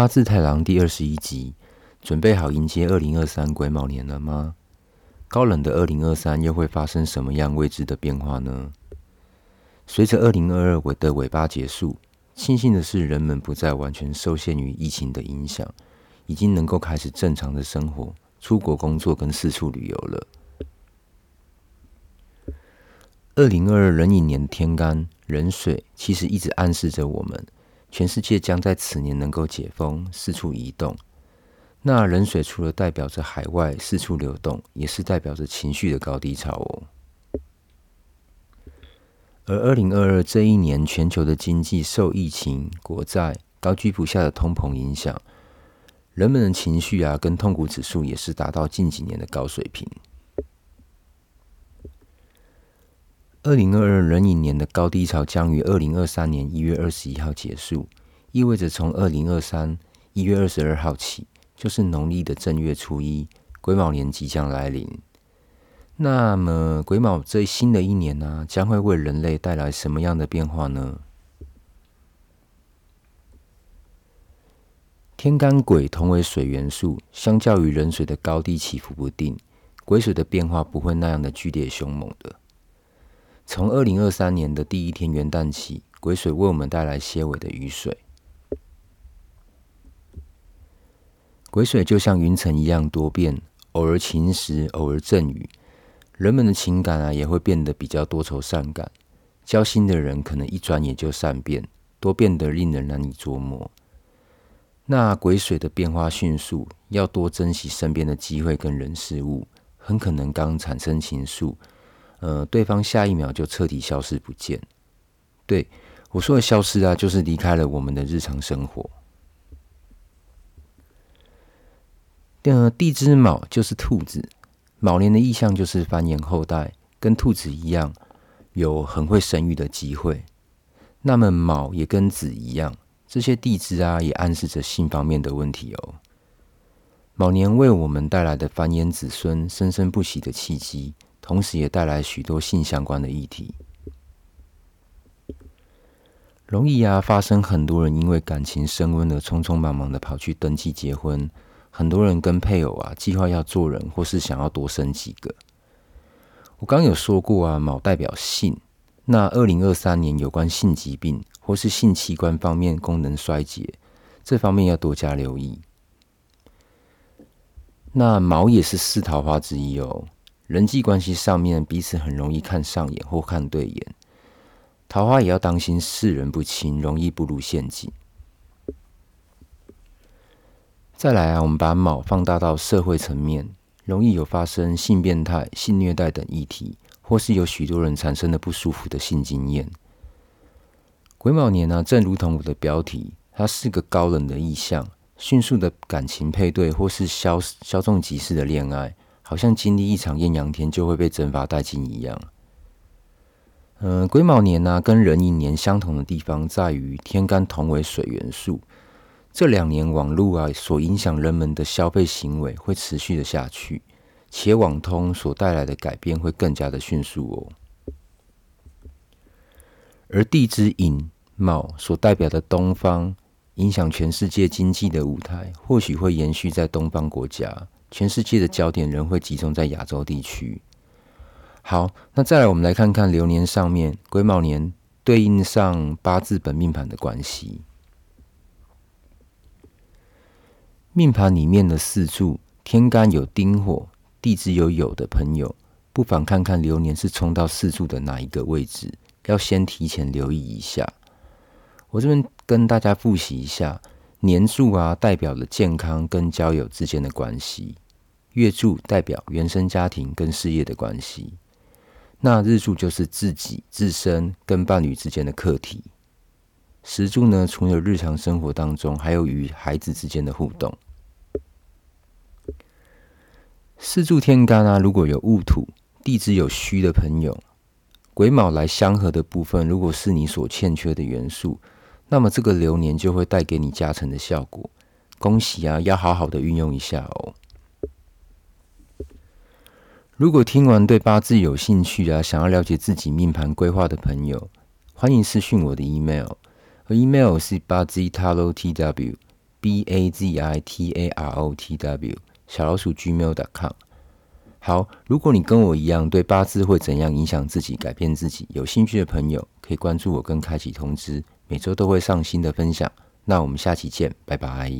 八字太郎第二十一集，準備好迎接二零二三癸卯年了嗎？高冷的二零二三又會發生什麼樣未知的變化呢？隨着二零二二尾的尾巴結束，慶幸，幸的是，人們不再完全受限於疫情的影響，已經能夠開始正常的生活，出國工作跟四處旅遊了。二零二二壬寅年天干壬水，其實一直暗示着我們。全世界將在此年能夠解封，四處移動。那癸水除了代表着海外四處流動，也是代表着情緒的高低潮哦。而2022這一年，全球的經濟受疫情、國債、高居不下的通膨影響，人們的情緒啊，跟痛苦指數也是達到近幾年的高水平。二零二二壬寅年的高低潮將於二零二三年一月二十一號結束，意味着從二零二三一月二十二號起，就是農曆的正月初一，癸卯年即將來臨。那麼，癸卯這新的一年呢、啊，將會為人類帶來什麼樣的變化呢？天干癸同為水元素，相較於壬水的高低起伏不定，癸水的變化不會那樣的劇烈凶猛的。從二零二三年的第一天元旦起，癸水為我們帶來些微的雨水。癸水就像雲層一樣多變，偶爾晴時，偶爾陣雨。人們的情感啊，也會變得比較多愁善感。交心的人可能一轉眼就善變，多變得令人難以捉摸。那癸水的變化迅速，要多珍惜身邊的機會跟人事物，很可能剛產生情愫。呃，對方下一秒就徹底消失不見。對，我說的消失啊，就是離開了我們的日常生活。第二，地支卯就是兔子，卯年的意象就是繁衍後代，跟兔子一樣有很會生育的機會。那麼卯也跟子一樣，這些地支啊也暗示着性方面的問題哦。卯年為我們帶來的繁衍子孫、生生不息的契機。同時也帶來許多性相關的議題，容易啊發生很多人因為感情升溫而匆匆忙忙地跑去登記結婚，很多人跟配偶啊計劃要做人或是想要多生幾個。我剛有說過啊，卯代表性，那二零二三年有關性疾病或是性器官方面功能衰竭這方面要多加留意。那卯也是四桃花之一哦。人際關係上面，彼此很容易看上眼或看對眼，桃花也要當心識人不清，容易步入陷阱。再來啊，我們把卯放大到社會層面，容易有發生性變態、性虐待等議題，或是有許多人產生的不舒服的性經驗。癸卯年呢，啊、正如同我的標題，它是個高冷的意象，迅速的感情配對或是稍、稍縱即逝的戀愛。好像經歷一場豔陽天就會被蒸發殆盡一樣呃。呃癸卯年呢、啊，跟壬寅年相同的地方在於天干同為水元素。這兩年網絡啊，所影響人們的消費行為會持續的下去，且網通所帶來的改變會更加的迅速哦。而地支寅卯所代表的東方，影響全世界經濟的舞台，或許會延續在東方國家。全世界的焦點仍會集中在亞洲地區。好，那再來，我們來看看流年上面癸卯年對應上八字本命盤的關係。命盤裡面的四柱天干有丁火，地支有酉的朋友，不妨看看流年是衝到四柱的哪一個位置，要先提前留意一下。我這邊跟大家復習一下：年柱啊，代表了健康跟交友之間的關係；月柱代表原生家庭跟事業的關係；那日柱就是自己自身跟伴侶之間的課題；時柱呢，除了日常生活當中，還有與孩子之間的互動。四柱天干啊，如果有戊土、地支有戌的朋友，癸卯來相合的部分，如果是你所欠缺的元素。那麼這個流年就會帶給你加成的效果，恭喜啊！要好好的運用一下哦。如果聽完對八字有興趣啊，想要了解自己命盤規劃的朋友，歡迎私訊我的 email，而 email 是 bazitarotw，b a z i t a r o t w 小老鼠 gmail.com。好，如果你跟我一樣對八字會怎樣影響自己、改變自己有興趣的朋友，可以關注我跟開啟通知。每週都會上新的分享，那我們下期見，拜拜。